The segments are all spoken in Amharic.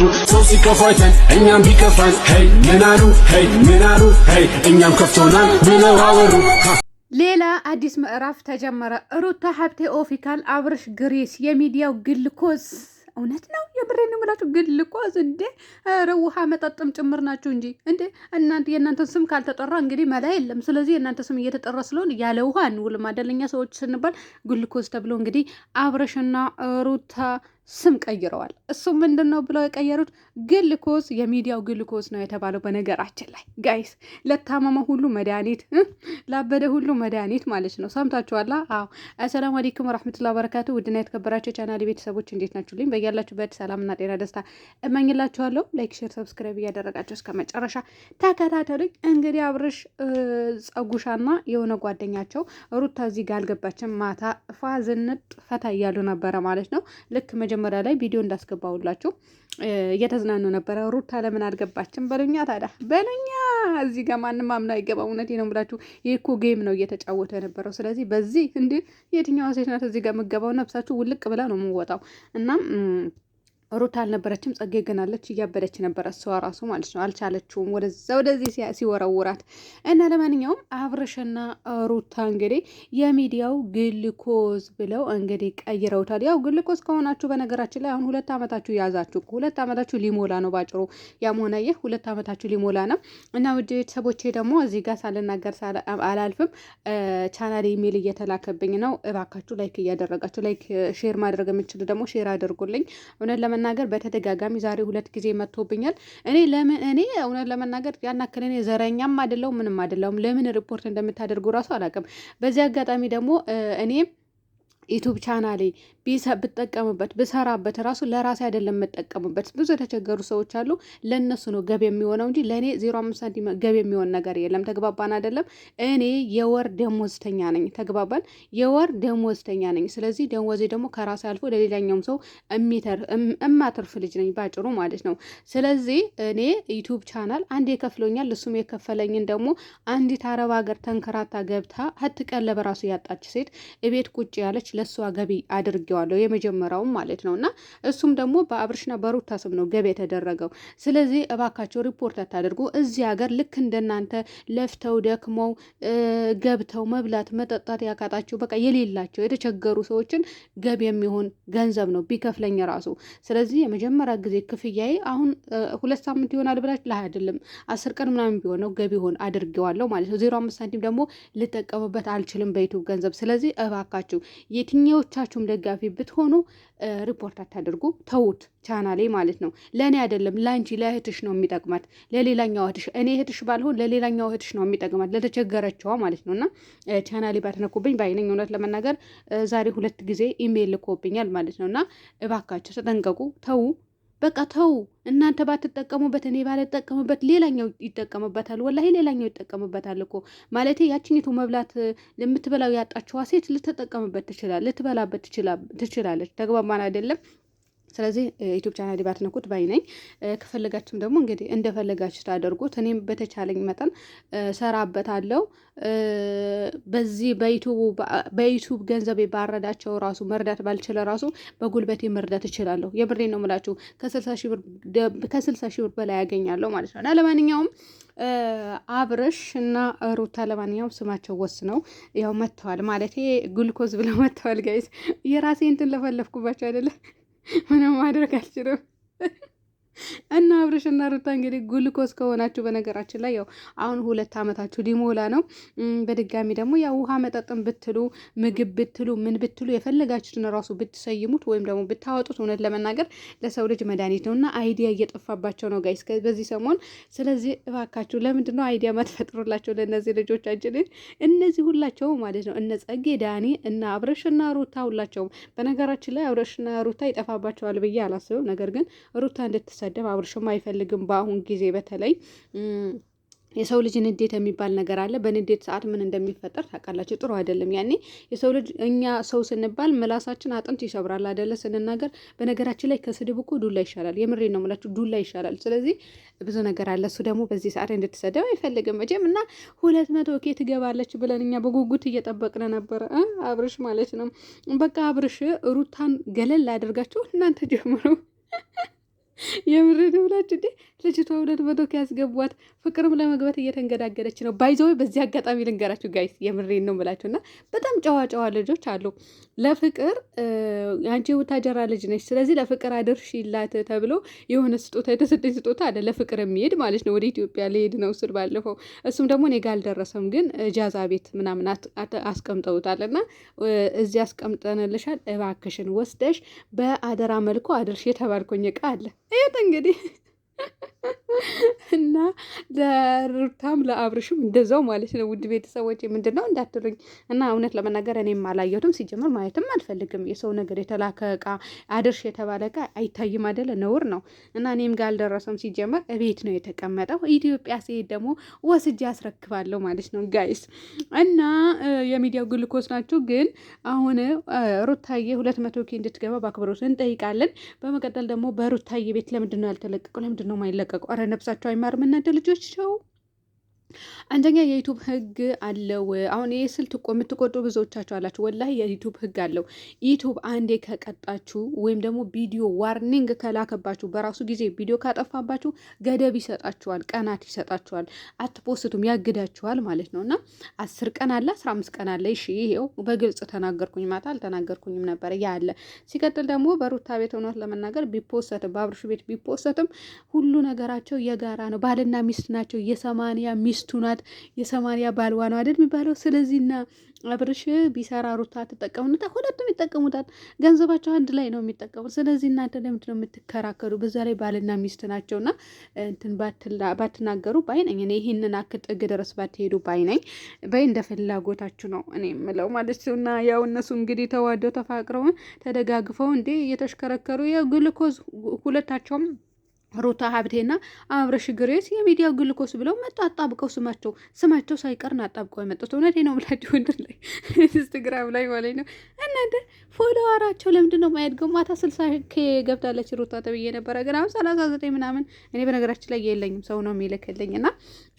ብዙ ሰው ሲከፋ እኛም ቢከፋን ሄይ ምናሉ ሄይ ምናሉ ሄይ እኛም ከፍቶናል ብለው አወሩ። ሌላ አዲስ ምዕራፍ ተጀመረ። ሩታ ሀብቴ ኦፊካል አብርሽ ግሪስ የሚዲያው ግልኮዝ እውነት ነው። የምሬን ነው የምላችሁ። ግን ልቆዝ እንዴ ኧረ ውሃ መጠጥም ጭምር ናቸው እንጂ እንዴ እናንተ የእናንተን ስም ካልተጠራ እንግዲህ መላ የለም። ስለዚህ የእናንተ ስም እየተጠራ ስለሆን ያለ ውሃ እንውልም አደለኛ ሰዎች ስንባል ግልኮዝ ተብሎ እንግዲህ አብረሽና ሩታ ስም ቀይረዋል። እሱ ምንድን ነው ብለው የቀየሩት ግልኮስ፣ የሚዲያው ግልኮስ ነው የተባለው። በነገራችን ላይ ጋይስ ለታመመ ሁሉ መድኃኒት፣ ላበደ ሁሉ መድኃኒት ማለት ነው። ሰምታችኋላ? አዎ። አሰላሙ አለይኩም ወራህመቱላሂ ወበረካቱ። ውድና የተከበራቸው ቻናል ቤተሰቦች እንዴት ናችሁልኝ? በያላችሁበት ሰላም ሰላምና ጤና ደስታ እመኝላችኋለሁ። ላይክ፣ ሼር፣ ሰብስክራይብ እያደረጋቸው እስከ መጨረሻ ተከታተሉኝ። እንግዲህ አብርሽ ጸጉሻና የሆነ ጓደኛቸው ሩታ እዚህ ጋር አልገባችም። ማታ ፋዝንጥ ፈታ እያሉ ነበረ ማለት ነው። ልክ መጀመሪያ ላይ ቪዲዮ እንዳስገባውላችሁ እየተዝናኑ ነበረ። ሩታ ለምን አልገባችም በሉኛ፣ ታዲያ በሉኛ። እዚህ ጋር ማንም አምና አይገባ። እውነቴ ነው ብላችሁ ይህ እኮ ጌም ነው እየተጫወተ የነበረው። ስለዚህ በዚህ እንዲህ የትኛዋ ሴት ናት እዚህ ጋር የምገባው? ነፍሳችሁ ውልቅ ብላ ነው የምወጣው እና ሩታ አልነበረችም፣ ጸጌ ግን አለች። እያበደች ነበረ እሷ ራሱ ማለት ነው። አልቻለችውም ወደዛ ወደዚህ ሲወረውራት እና ለማንኛውም አብርሽና ሩታ እንግዲህ የሚዲያው ግልኮዝ ብለው እንግዲህ ቀይረውታል። ያው ግልኮዝ ከሆናችሁ በነገራችን ላይ አሁን ሁለት ዓመታችሁ ያዛችሁ። ሁለት ዓመታችሁ ሊሞላ ነው ባጭሩ። ያም ሆነ ይህ ሁለት ዓመታችሁ ሊሞላ ነው እና ውድ ቤተሰቦቼ ደግሞ እዚህ ጋር ሳልናገር አላልፍም። ቻናል ኢሜል እየተላከብኝ ነው። እባካችሁ ላይክ እያደረጋችሁ ላይክ ሼር ማድረግ የምችሉ ደግሞ ሼር አድርጉልኝ እውነት ለመናገር በተደጋጋሚ ዛሬ ሁለት ጊዜ መጥቶብኛል። እኔ ለምን እኔ እውነት ለመናገር ያናክል እኔ ዘረኛም አይደለሁም ምንም አይደለሁም። ለምን ሪፖርት እንደምታደርጉ ራሱ አላውቅም። በዚህ አጋጣሚ ደግሞ እኔ ዩቱብ ቻናሌ ብጠቀምበት ብሰራበት ራሱ ለራሴ አይደለም የምጠቀምበት። ብዙ የተቸገሩ ሰዎች አሉ። ለእነሱ ነው ገቢ የሚሆነው እንጂ ለእኔ ዜሮ አምስት ሳንቲም ገቢ የሚሆን ነገር የለም። ተግባባን አይደለም? እኔ የወር ደሞዝተኛ ነኝ። ተግባባን? የወር ደሞዝተኛ ነኝ። ስለዚህ ደሞዜ ደግሞ ከራሴ አልፎ ለሌላኛውም ሰው እማትርፍ ልጅ ነኝ ባጭሩ ማለት ነው። ስለዚህ እኔ ዩቱብ ቻናል አንድ የከፍሎኛል። እሱም የከፈለኝን ደግሞ አንዲት አረብ ሀገር ተንከራታ ገብታ ህትቀለበ ራሱ ያጣች ሴት እቤት ቁጭ ያለች ለእሷ ገቢ አድርጌዋለሁ የመጀመሪያውም ማለት ነው እና እሱም ደግሞ በአብርሽና በሩታ ስም ነው ገቢ የተደረገው። ስለዚህ እባካቸው ሪፖርት አታደርጉ። እዚህ ሀገር ልክ እንደናንተ ለፍተው ደክመው ገብተው መብላት መጠጣት ያካጣቸው በቃ የሌላቸው የተቸገሩ ሰዎችን ገቢ የሚሆን ገንዘብ ነው ቢከፍለኝ ራሱ። ስለዚህ የመጀመሪያ ጊዜ ክፍያዬ አሁን ሁለት ሳምንት ይሆናል ብላች ላይ አይደለም አስር ቀን ምናምን ቢሆነው ገቢ ሆን አድርጌዋለሁ ማለት ነው። ዜሮ አምስት ሳንቲም ደግሞ ልጠቀምበት አልችልም በዩቱብ ገንዘብ። ስለዚህ እባካችሁ የትኛዎቻችሁም ደጋፊ ብትሆኑ ሪፖርት አታደርጉ። ተዉት፣ ቻናሌ ማለት ነው። ለእኔ አይደለም ለአንቺ ለእህትሽ ነው የሚጠቅማት፣ ለሌላኛው እህትሽ እኔ እህትሽ ባልሆን ለሌላኛው እህትሽ ነው የሚጠቅማት፣ ለተቸገረችዋ ማለት ነው። እና ቻናሌ ባትነኩብኝ በአይነኝ እውነት ለመናገር ዛሬ ሁለት ጊዜ ኢሜይል ልኮብኛል ማለት ነው። እና እባካቸው ተጠንቀቁ፣ ተዉ። በቃ ተው እናንተ ባትጠቀሙበት እኔ ባልጠቀምበት ሌላኛው ይጠቀምበታል። ወላሂ ሌላኛው ይጠቀምበታል እኮ ማለት ያችኝቱ መብላት የምትበላው ያጣችዋ ሴት ልትጠቀምበት ትችላል፣ ልትበላበት ትችላለች። ተግባማን አይደለም? ስለዚህ ዩቱብ ዲባት ነኩት ባይ ነኝ። ከፈለጋችሁም ደግሞ እንግዲህ እንደፈለጋችሁ ታደርጉት። እኔም በተቻለኝ መጠን ሰራበታለሁ። በዚህ በዩቱብ ገንዘቤ ባረዳቸው ራሱ መርዳት ባልችለ ራሱ በጉልበቴ መርዳት እችላለሁ። የብሬ ነው ምላችሁ። ከስልሳ ሺህ ብር በላይ ያገኛለሁ ማለት ነው እና ለማንኛውም አብርሽ እና ሩታ ለማንኛውም ስማቸው ወስነው ያው መጥተዋል። ማለት ጉልኮዝ ብለው መጥተዋል። ጋይስ የራሴ እንትን ለፈለፍኩባቸው አይደለም ምንም ማድረግ አልችልም። እና እና ሩታ እንግዲህ ጉልኮስ ከሆናችሁ በነገራችን ላይ ያው አሁን ሁለት ዓመታችሁ ሊሞላ ነው። በድጋሚ ደግሞ ያው ውሃ መጠጥን ብትሉ ምግብ ብትሉ ምን ብትሉ የፈለጋችሁትን ራሱ ብትሰይሙት ወይም ደግሞ ብታወጡት እውነት ለመናገር ለሰው ልጅ መድኃኒት ነው እና አይዲያ እየጠፋባቸው ነው ጋይስ በዚህ ሰሞን። ስለዚህ እባካችሁ ለምንድን ነው አይዲያ ማትፈጥሩላቸው ለእነዚህ ልጆቻችን? እነዚህ ሁላቸው ማለት ነው እነ ጸጌ ዳኒ እና አብረሽና ሩታ ሁላቸውም። በነገራችን ላይ አብረሽና ሩታ ይጠፋባቸዋል ብዬ አላስብም። ነገር ግን ሩታ እንድትስ እንድትሰደብ አብርሽም አይፈልግም። በአሁን ጊዜ በተለይ የሰው ልጅ ንዴት የሚባል ነገር አለ። በንዴት ሰዓት ምን እንደሚፈጠር ታውቃላችሁ? ጥሩ አይደለም። ያኔ የሰው ልጅ እኛ ሰው ስንባል ምላሳችን አጥንት ይሰብራል አይደለ? ስንናገር በነገራችን ላይ ከስድብ እኮ ዱላ ይሻላል። የምሬ ነው የምላችሁ፣ ዱላ ይሻላል። ስለዚህ ብዙ ነገር አለ። እሱ ደግሞ በዚህ ሰዓት እንድትሰደብ አይፈልግም መቼም። እና ሁለት መቶ ኬ ትገባለች ብለን እኛ በጉጉት እየጠበቅን ነበረ፣ አብርሽ ማለት ነው። በቃ አብርሽ ሩታን ገለል አድርጋችሁ እናንተ ጀምሩ። የምሬድ ብላችሁ እንዴ ልጅቷ ሁለት መቶ ያስገቧት። ፍቅርም ለመግባት እየተንገዳገደች ነው። ባይዘወይ በዚህ አጋጣሚ ልንገራችሁ ጋይስ፣ የምሬን ነው የምላችሁ እና በጣም ጨዋ ጨዋ ልጆች አሉ። ለፍቅር አንቺ የቡታጀራ ልጅ ነች፣ ስለዚህ ለፍቅር አድርሺላት ተብሎ የሆነ ስጦታ የተሰጠኝ ስጦታ አለ ለፍቅር የሚሄድ ማለት ነው። ወደ ኢትዮጵያ ልሄድ ነው ስል ባለፈው፣ እሱም ደግሞ እኔ ጋር አልደረሰም፣ ግን ጃዛ ቤት ምናምን አስቀምጠውታል እና እዚህ አስቀምጠንልሻል፣ እባክሽን ወስደሽ በአደራ መልኩ አድርሽ የተባልኮኝ እቃ አለ ይሄን እንግዲህ እና ለሩታም ለአብርሽም እንደዛው ማለት ነው። ውድ ቤተሰቦች ምንድን ነው እንዳትሉኝ እና እውነት ለመናገር እኔም አላየሁትም፣ ሲጀምር ማየትም አልፈልግም። የሰው ነገር የተላከ እቃ አድርሽ የተባለ እቃ አይታይም አይደለ? ነውር ነው። እና እኔም ጋር አልደረሰም። ሲጀመር እቤት ነው የተቀመጠው። ኢትዮጵያ ሲሄድ ደግሞ ወስጄ አስረክባለሁ ማለት ነው ጋይስ። እና የሚዲያው ግልኮስ ናችሁ። ግን አሁን ሩታዬ ሁለት መቶ ኪ እንድትገባ በአክብሮት እንጠይቃለን። በመቀጠል ደግሞ በሩታዬ ቤት ለምድነው ነው ያልተለቀቀው? ለምንድን ኧረ ነብሳቸው አይማርም። እናንተ ልጆች ሰው አንደኛ የዩቱብ ህግ አለው። አሁን ይህ ስልት እኮ የምትቆጡ ብዙዎቻችሁ አላችሁ። ወላሂ የዩቱብ ህግ አለው። ዩቱብ አንዴ ከቀጣችሁ ወይም ደግሞ ቪዲዮ ዋርኒንግ ከላከባችሁ በራሱ ጊዜ ቪዲዮ ካጠፋባችሁ ገደብ ይሰጣችኋል፣ ቀናት ይሰጣችኋል፣ አትፖስቱም፣ ያግዳችኋል ማለት ነው እና አስር ቀን አለ፣ አስራ አምስት ቀን አለ። እሺ ይሄው በግልጽ ተናገርኩኝ፣ ማታ አልተናገርኩኝም ነበር ያ አለ። ሲቀጥል ደግሞ በሩታ ቤት እውነት ለመናገር ቢፖሰትም በአብርሹ ቤት ቢፖሰትም ሁሉ ነገራቸው የጋራ ነው። ባልና ሚስት ናቸው የሰማንያ ሚስት ሚስቱ ናት፣ የሰማንያ ባልዋ ነው አይደል የሚባለው። ስለዚህ ስለዚህና አብርሽ ቢሰራ ሩታ ትጠቀሙንታ፣ ሁለቱም ይጠቀሙታል። ገንዘባቸው አንድ ላይ ነው የሚጠቀሙት። ስለዚህ እናንተ ለምንድን ነው የምትከራከሩ? በዛ ላይ ባልና ሚስት ናቸው ናቸውና እንትን ባትናገሩ ባይ ነኝ እኔ። ይህንን አክል ጥግ ድረስ ባትሄዱ ባይ ነኝ ባይ። እንደ ፍላጎታችሁ ነው እኔ የምለው ማለት እና ያው እነሱ እንግዲህ ተዋደው ተፋቅረውን ተደጋግፈው እንዴ እየተሽከረከሩ የግልኮዝ ሁለታቸውም ሩታ ሀብቴና አብረሽ ግሬስ የሚዲያ ግልኮስ ብለው መጡ። አጣብቀው ስማቸው ስማቸው ሳይቀርን አጣብቀው የመጡት እውነቴ ነው ብላችሁ ወንድር ላይ ኢንስትግራም ላይ ማለት ነው እናንተ ፎሎዋራቸው ለምንድን ነው ማየት ማታ ስልሳ ኬ ገብታለች ሩታ ተብዬ ነበረ፣ ግን አሁን ሰላሳ ዘጠኝ ምናምን። እኔ በነገራችን ላይ የለኝም ሰው ነው የሚልክልኝ እና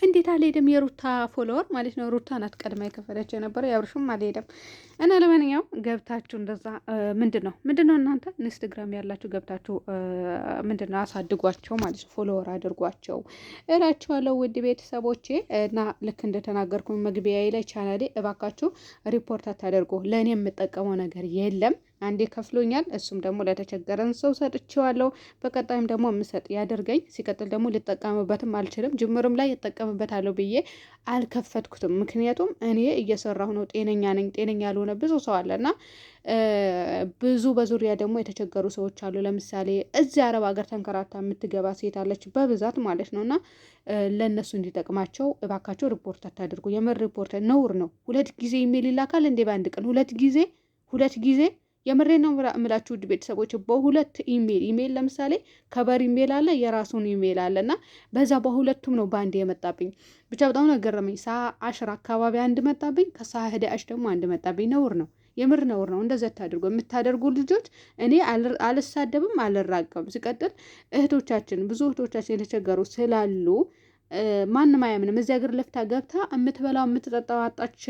እንዴት አልሄድም። የሩታ ፎሎወር ማለት ነው ሩታ ናት ቀድማ የከፈለችው የነበረ ያብርሹም አልሄደም እና ለማንኛውም ገብታችሁ እንደዛ ምንድን ነው ምንድን ነው እናንተ ኢንስትግራም ያላችሁ ገብታችሁ ምንድን ነው አሳድጓቸው አድርጓቸው ማለት ነው። ፎሎወር አድርጓቸው እላችኋለሁ ውድ ቤተሰቦቼ እና ልክ እንደተናገርኩ መግቢያ ላይ ቻናሌ እባካችሁ ሪፖርት አታደርጉ። ለእኔ የምጠቀመው ነገር የለም። አንዴ ከፍሎኛል። እሱም ደግሞ ለተቸገረን ሰው ሰጥቼዋለሁ። በቀጣይም ደግሞ የምሰጥ ያደርገኝ። ሲቀጥል ደግሞ ልጠቀምበትም አልችልም። ጅምርም ላይ እጠቀምበታለሁ ብዬ አልከፈትኩትም። ምክንያቱም እኔ እየሰራሁ ነው፣ ጤነኛ ነኝ። ጤነኛ ያልሆነ ብዙ ሰው አለና ብዙ በዙሪያ ደግሞ የተቸገሩ ሰዎች አሉ። ለምሳሌ እዚህ አረብ ሀገር ተንከራታ የምትገባ ሴት አለች በብዛት ማለት ነው። እና ለእነሱ እንዲጠቅማቸው እባካቸው ሪፖርት አታድርጉ። የምር ሪፖርት ነውር ነው። ሁለት ጊዜ ኢሜል ይላካል እንዴ! በአንድ ቀን ሁለት ጊዜ ሁለት ጊዜ የምሬ ነው የምላችሁ ውድ ቤተሰቦች፣ በሁለት ኢሜል ኢሜል ለምሳሌ ከበር ኢሜል አለ፣ የራሱን ኢሜል አለ እና በዛ በሁለቱም ነው በአንድ የመጣብኝ። ብቻ በጣም ነገረመኝ። ሳ አሽር አካባቢ አንድ መጣብኝ፣ ከሳ ህዳሽ ደግሞ አንድ መጣብኝ። ነውር ነው የምር ነውር ነው። እንደዛ ታድርጎ የምታደርጉ ልጆች እኔ አልሳደብም፣ አልራቀም። ሲቀጥል እህቶቻችን ብዙ እህቶቻችን የተቸገሩ ስላሉ ማንም አያምንም። እዚያ ሀገር ለፍታ ገብታ የምትበላው የምትጠጣው አጣች።